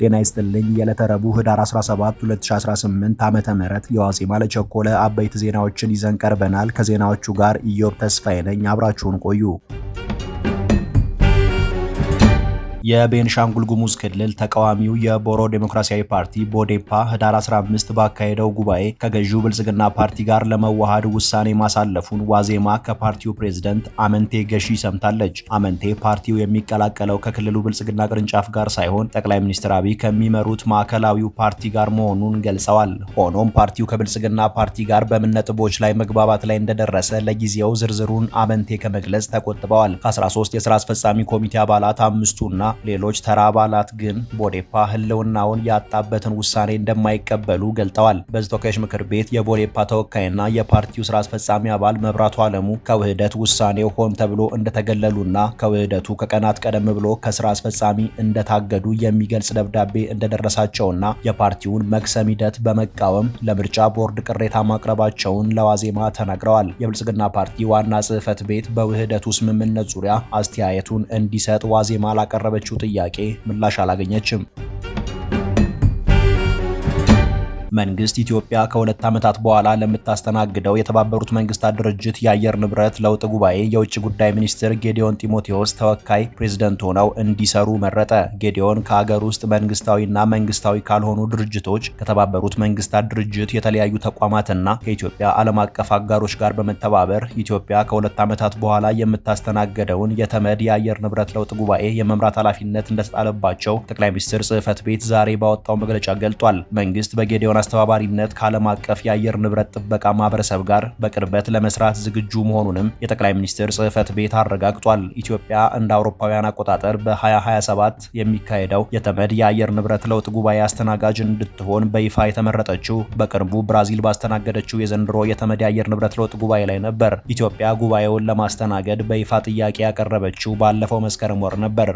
ጤና ይስጥልኝ የዕለተ ረቡዕ ህዳር 17 2018 ዓመተ ምህረት የዋዜማ ለቸኮለ አበይት ዜናዎችን ይዘን ቀርበናል። ከዜናዎቹ ጋር ኢዮብ ተስፋዬ ነኝ። አብራችሁን ቆዩ። የቤንሻንጉል ጉሙዝ ክልል ተቃዋሚው የቦሮ ዴሞክራሲያዊ ፓርቲ ቦዴፓ ህዳር 15 ባካሄደው ጉባኤ ከገዢው ብልጽግና ፓርቲ ጋር ለመዋሃድ ውሳኔ ማሳለፉን ዋዜማ ከፓርቲው ፕሬዝደንት አመንቴ ገሺ ሰምታለች። አመንቴ ፓርቲው የሚቀላቀለው ከክልሉ ብልጽግና ቅርንጫፍ ጋር ሳይሆን ጠቅላይ ሚኒስትር አብይ ከሚመሩት ማዕከላዊው ፓርቲ ጋር መሆኑን ገልጸዋል። ሆኖም ፓርቲው ከብልጽግና ፓርቲ ጋር በምን ነጥቦች ላይ መግባባት ላይ እንደደረሰ ለጊዜው ዝርዝሩን አመንቴ ከመግለጽ ተቆጥበዋል። ከ13 የስራ አስፈጻሚ ኮሚቴ አባላት አምስቱና ሌሎች ተራ አባላት ግን ቦዴፓ ህልውናውን ያጣበትን ውሳኔ እንደማይቀበሉ ገልጠዋል። በህዝብ ተወካዮች ምክር ቤት የቦዴፓ ተወካይና የፓርቲው ስራ አስፈጻሚ አባል መብራቱ አለሙ ከውህደት ውሳኔው ሆን ተብሎ እንደተገለሉና ከውህደቱ ከቀናት ቀደም ብሎ ከስራ አስፈጻሚ እንደታገዱ የሚገልጽ ደብዳቤ እንደደረሳቸውና የፓርቲውን መክሰም ሂደት በመቃወም ለምርጫ ቦርድ ቅሬታ ማቅረባቸውን ለዋዜማ ተናግረዋል። የብልጽግና ፓርቲ ዋና ጽህፈት ቤት በውህደቱ ስምምነት ዙሪያ አስተያየቱን እንዲሰጥ ዋዜማ ላቀረበች ላቀረበችው ጥያቄ ምላሽ አላገኘችም። መንግስት ኢትዮጵያ ከሁለት ዓመታት በኋላ ለምታስተናግደው የተባበሩት መንግስታት ድርጅት የአየር ንብረት ለውጥ ጉባኤ የውጭ ጉዳይ ሚኒስትር ጌዲዮን ጢሞቴዎስ ተወካይ ፕሬዝደንት ሆነው እንዲሰሩ መረጠ። ጌዲዮን ከሀገር ውስጥ መንግስታዊና መንግስታዊ ካልሆኑ ድርጅቶች ከተባበሩት መንግስታት ድርጅት የተለያዩ ተቋማትና ከኢትዮጵያ ዓለም አቀፍ አጋሮች ጋር በመተባበር ኢትዮጵያ ከሁለት ዓመታት በኋላ የምታስተናግደውን የተመድ የአየር ንብረት ለውጥ ጉባኤ የመምራት ኃላፊነት እንደተጣለባቸው ጠቅላይ ሚኒስትር ጽህፈት ቤት ዛሬ ባወጣው መግለጫ ገልጧል። መንግስት በጌዲዮን አስተባባሪነት ከዓለም አቀፍ የአየር ንብረት ጥበቃ ማህበረሰብ ጋር በቅርበት ለመስራት ዝግጁ መሆኑንም የጠቅላይ ሚኒስትር ጽህፈት ቤት አረጋግጧል። ኢትዮጵያ እንደ አውሮፓውያን አቆጣጠር በ2027 የሚካሄደው የተመድ የአየር ንብረት ለውጥ ጉባኤ አስተናጋጅ እንድትሆን በይፋ የተመረጠችው በቅርቡ ብራዚል ባስተናገደችው የዘንድሮ የተመድ የአየር ንብረት ለውጥ ጉባኤ ላይ ነበር። ኢትዮጵያ ጉባኤውን ለማስተናገድ በይፋ ጥያቄ ያቀረበችው ባለፈው መስከረም ወር ነበር።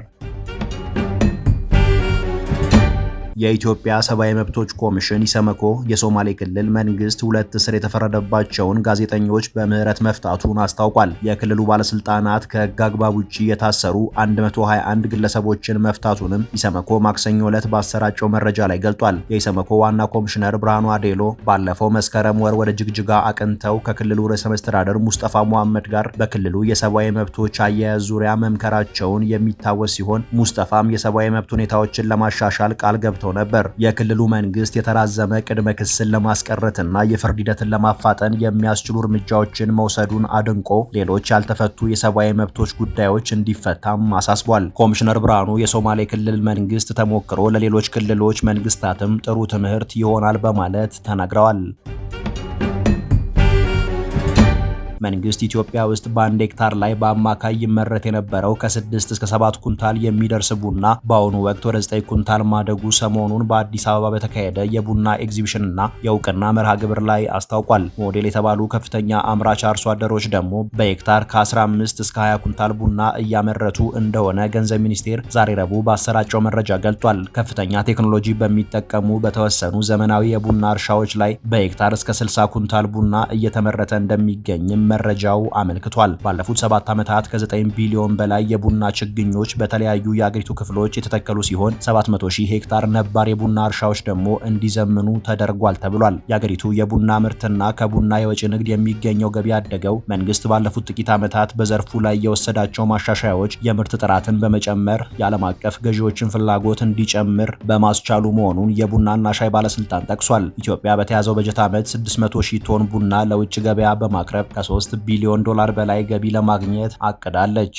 የኢትዮጵያ ሰብአዊ መብቶች ኮሚሽን ኢሰመኮ የሶማሌ ክልል መንግስት ሁለት እስር የተፈረደባቸውን ጋዜጠኞች በምህረት መፍታቱን አስታውቋል። የክልሉ ባለስልጣናት ከህግ አግባብ ውጭ የታሰሩ 121 ግለሰቦችን መፍታቱንም ኢሰመኮ ማክሰኞ ዕለት ባሰራጨው መረጃ ላይ ገልጧል። የኢሰመኮ ዋና ኮሚሽነር ብርሃኑ አዴሎ ባለፈው መስከረም ወር ወደ ጅግጅጋ አቅንተው ከክልሉ ርዕሰ መስተዳደር ሙስጠፋ መሐመድ ጋር በክልሉ የሰብአዊ መብቶች አያያዝ ዙሪያ መምከራቸውን የሚታወስ ሲሆን ሙስጠፋም የሰብአዊ መብት ሁኔታዎችን ለማሻሻል ቃል ገብተው ተሰምቶ ነበር። የክልሉ መንግስት የተራዘመ ቅድመ ክስን ለማስቀረትና የፍርድ ሂደትን ለማፋጠን የሚያስችሉ እርምጃዎችን መውሰዱን አድንቆ ሌሎች ያልተፈቱ የሰብአዊ መብቶች ጉዳዮች እንዲፈታም አሳስቧል። ኮሚሽነር ብርሃኑ የሶማሌ ክልል መንግስት ተሞክሮ ለሌሎች ክልሎች መንግስታትም ጥሩ ትምህርት ይሆናል በማለት ተናግረዋል። መንግስት ኢትዮጵያ ውስጥ በአንድ ሄክታር ላይ በአማካይ ይመረት የነበረው ከ6 እስከ 7 ኩንታል የሚደርስ ቡና በአሁኑ ወቅት ወደ 9 ኩንታል ማደጉ ሰሞኑን በአዲስ አበባ በተካሄደ የቡና ኤግዚቢሽንና የእውቅና መርሃ ግብር ላይ አስታውቋል። ሞዴል የተባሉ ከፍተኛ አምራች አርሶ አደሮች ደግሞ በሄክታር ከ15 እስከ 20 ኩንታል ቡና እያመረቱ እንደሆነ ገንዘብ ሚኒስቴር ዛሬ ረቡዕ ባሰራጨው መረጃ ገልጧል። ከፍተኛ ቴክኖሎጂ በሚጠቀሙ በተወሰኑ ዘመናዊ የቡና እርሻዎች ላይ በሄክታር እስከ 60 ኩንታል ቡና እየተመረተ እንደሚገኝም መረጃው አመልክቷል። ባለፉት ሰባት ዓመታት ከ9 ቢሊዮን በላይ የቡና ችግኞች በተለያዩ የአገሪቱ ክፍሎች የተተከሉ ሲሆን 700 ሺህ ሄክታር ነባር የቡና እርሻዎች ደግሞ እንዲዘምኑ ተደርጓል ተብሏል። የአገሪቱ የቡና ምርትና ከቡና የወጪ ንግድ የሚገኘው ገቢ ያደገው መንግስት ባለፉት ጥቂት ዓመታት በዘርፉ ላይ የወሰዳቸው ማሻሻያዎች የምርት ጥራትን በመጨመር የዓለም አቀፍ ገዢዎችን ፍላጎት እንዲጨምር በማስቻሉ መሆኑን የቡናና ሻይ ባለስልጣን ጠቅሷል። ኢትዮጵያ በተያዘው በጀት ዓመት 600 ሺህ ቶን ቡና ለውጭ ገበያ በማቅረብ ከ3 ቢሊዮን ዶላር በላይ ገቢ ለማግኘት አቅዳለች።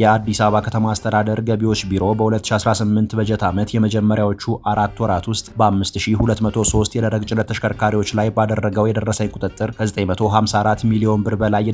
የአዲስ አበባ ከተማ አስተዳደር ገቢዎች ቢሮ በ2018 በጀት ዓመት የመጀመሪያዎቹ አራት ወራት ውስጥ በ5203 የደረቅ ጭነት ተሽከርካሪዎች ላይ ባደረገው የደረሰኝ ቁጥጥር ከ954 ሚሊዮን ብር በላይ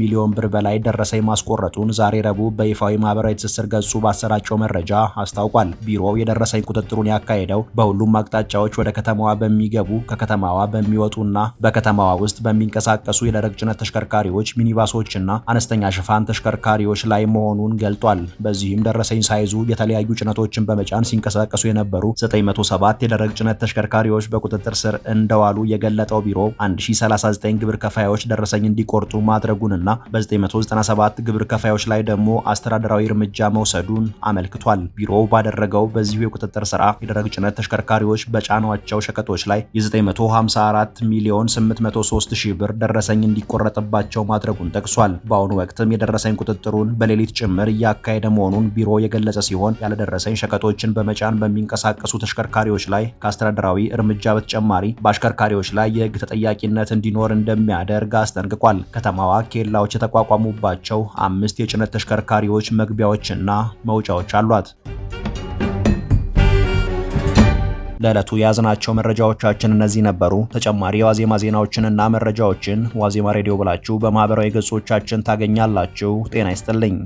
ሚሊዮን ብር በላይ ደረሰኝ ማስቆረጡን ዛሬ ረቡዕ በይፋዊ ማህበራዊ ትስስር ገጹ ባሰራጨው መረጃ አስታውቋል። ቢሮው የደረሰኝ ቁጥጥሩን ያካሄደው በሁሉም አቅጣጫዎች ወደ ከተማዋ በሚገቡ ከከተማዋ በሚወጡና በከተማዋ ውስጥ በሚንቀሳቀሱ የደረቅ ጭነት ተሽከርካሪዎች፣ ሚኒባሶችና አነስተኛ ሽፋን ተሽከ ተሽከርካሪዎች ላይ መሆኑን ገልጧል። በዚህም ደረሰኝ ሳይዙ የተለያዩ ጭነቶችን በመጫን ሲንቀሳቀሱ የነበሩ 907 የደረቅ ጭነት ተሽከርካሪዎች በቁጥጥር ስር እንደዋሉ የገለጠው ቢሮ 1039 ግብር ከፋዮች ደረሰኝ እንዲቆርጡ ማድረጉንና በ997 ግብር ከፋዮች ላይ ደግሞ አስተዳደራዊ እርምጃ መውሰዱን አመልክቷል። ቢሮው ባደረገው በዚሁ የቁጥጥር ስራ የደረቅ ጭነት ተሽከርካሪዎች በጫኗቸው ሸቀጦች ላይ የ954 ሚሊዮን 803 ሺህ ብር ደረሰኝ እንዲቆረጥባቸው ማድረጉን ጠቅሷል። በአሁኑ ወቅትም የደረሰኝ የኢሚግሬሽን ቁጥጥሩን በሌሊት ጭምር እያካሄደ መሆኑን ቢሮ የገለጸ ሲሆን ያለደረሰኝ ሸቀጦችን በመጫን በሚንቀሳቀሱ ተሽከርካሪዎች ላይ ከአስተዳደራዊ እርምጃ በተጨማሪ በአሽከርካሪዎች ላይ የህግ ተጠያቂነት እንዲኖር እንደሚያደርግ አስጠንቅቋል። ከተማዋ ኬላዎች የተቋቋሙባቸው አምስት የጭነት ተሽከርካሪዎች መግቢያዎችና መውጫዎች አሏት። ለዕለቱ የያዝናቸው መረጃዎቻችን እነዚህ ነበሩ። ተጨማሪ የዋዜማ ዜናዎችንና መረጃዎችን ዋዜማ ሬዲዮ ብላችሁ በማህበራዊ ገጾቻችን ታገኛላችሁ። ጤና ይስጥልኝ።